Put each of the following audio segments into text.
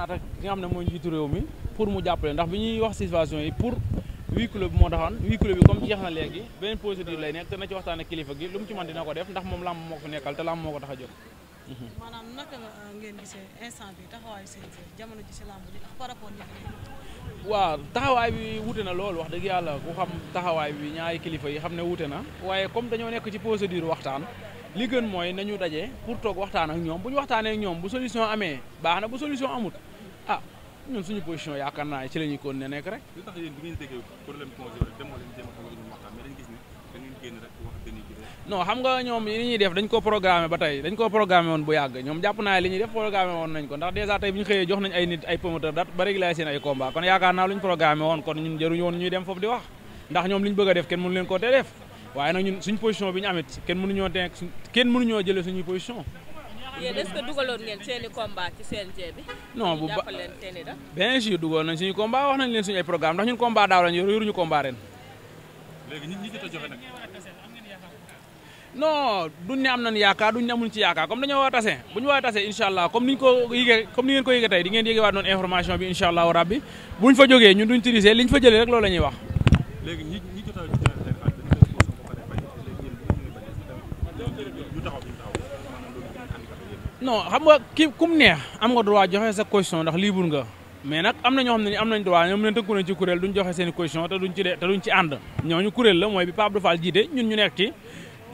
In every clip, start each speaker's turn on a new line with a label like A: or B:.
A: maanaam ki nga xam ne mooy njiitu réew mi pour mu jàppale ndax bi ñuy wax situation yi pour huis clos moo taxoon huis bi comme jeex na léegi beneen procédure lay nekk te na ci waxtaan ak kilifa gi lu mu ci mën ko def ndax moom làmb moo ko fi nekkal te làmb a jóg. maanaam euh, instant bi taxawaayu CNG jamono ji si làmb ji ak par taxawaay bi wute na lool wax dëgg yàlla ku xam taxawaay bi ñaari kilifa yi xam ne wute na waaye comme dañoo nekk ci procédure waxtaan li gën mooy nañu daje pour toog waxtaan ak ñoom bu ñu waxtaanee ñoom bu solution amee baax na bu solution amut ñun suñu position yaakaar naa ci la ñuy kon ne nekk rek. lu tax yéen bi ngeen déggee problème congé rek demoo a xamal ñu waxtaan mais dañu gis ne dañu génn rek wax dañuy gis non xam nga ñoom li ñuy def dañ ko programmé ba tey dañ ko programmé woon bu yàgg ñoom jàpp naa li def programmé woon nañ ko ndax dèjà tey bi ñu xëyee jox nañ ay nit ay promoteur date ba réglé seen ay combat kon yaakaar naa lu ñu woon kon ñun jëruñu woon ñuy dem foofu di wax ndax ñoom li ñu def kenn mënu leen ko tee def waaye nag ñun suñu position bi amit kenn mënuñoo tee kenn mënuñoo jëlee yéen est-ce que dugaloon ngeen seen i ci CNG bi. dañoo war a tase bu ñu war a tase incha allah comme niñ ko yëgee comme ni ngeen ko yëgee tey di ngeen yëgewaat noonu information bi incha rabbi buñ fa jógee ñun duñ tirisee liñ fa jëlee rek loolu la ñuy wax. non xam nga kii ku mu neex am nga droit joxe sa caution ndax libre nga mais nag am na ñoo xam ne am nañ droit ñoom ne tënku nañ ci kuréel duñ joxe seen caution te duñ ci de te duñ ci ànd ñooñu kuréel la mooy bi Pape Abdou Fall jiite ñun ñu nekk ci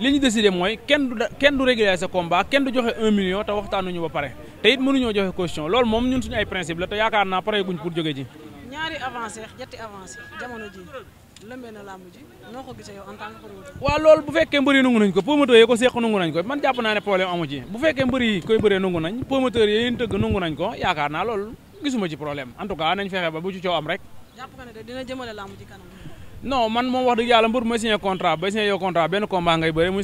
A: li ñu décidé mooy kenn du kenn du réguler sa combat kenn du joxe un million te waxtaanuñu ba pare te it mënuñoo joxe caution loolu moom ñun suñu ay principe la te yaakaar naa pare guñ pour jóge ji ñaari avancé jetti avancé jamono ji lëmbee na làmb ji noo ko gisee yow en tant que promoteur. bu fekkee bari yi nangu nañ ko promoteurs yi ko seq nangu nañ ko man jàpp naa ne problème amu ci bu fekkee mbër yi koy bëree nangu nañ promoteurs yi yéen tëgg nañ ko yaakaar naa lool gisuma ci problème en tout cas fexe ba bu ci am rek. jàpp nga ne dina jëmale làmb ji kanam. non man moom wax dëgg yàlla mbër mooy signé contrat contrat benn combat ngay bëre muy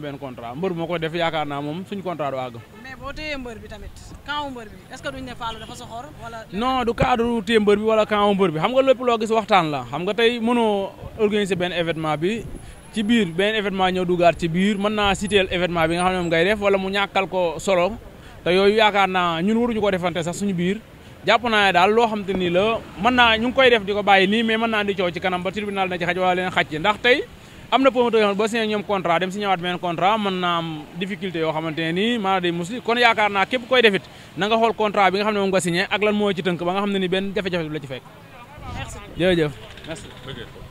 A: benn contrat mbër moo koy def yaakaar naa moom suñu contrat du àgg. mais boo téyee mbër bi tamit kaw mbër bi est-ce que duñ ne Fallou dafa soxor wala. non du cadre téye mbër bi wala kaw mbër bi xam nga lépp loo gis waxtaan la xam nga tey mënoo organiser benn événement bi ci biir benn événement ñëw dugaat ci biir mën naa citer événement bi nga xam ne ngay def wala mu kal ko solo te yooyu yaakaar naa ñun waruñu ko defante sax suñu biir jàpp naa daal loo xam te nii la mën naa ñu ngi koy def di ko bàyyi nii mais mën naa di coow ci ba tribunal na ci xaj wala leen xaj ndax tey am na promoteur yoo xam ba signé ñoom contrat dem si ñëwaat beneen contrat mën naa am difficulté yoo xamante ne nii maanaam day musli kon yaakaar naa képp koy defit na nga xool contrat bi nga xam ne moom nga ak lan moo ci tënk nga xam ne ni benn jafe-jafe du la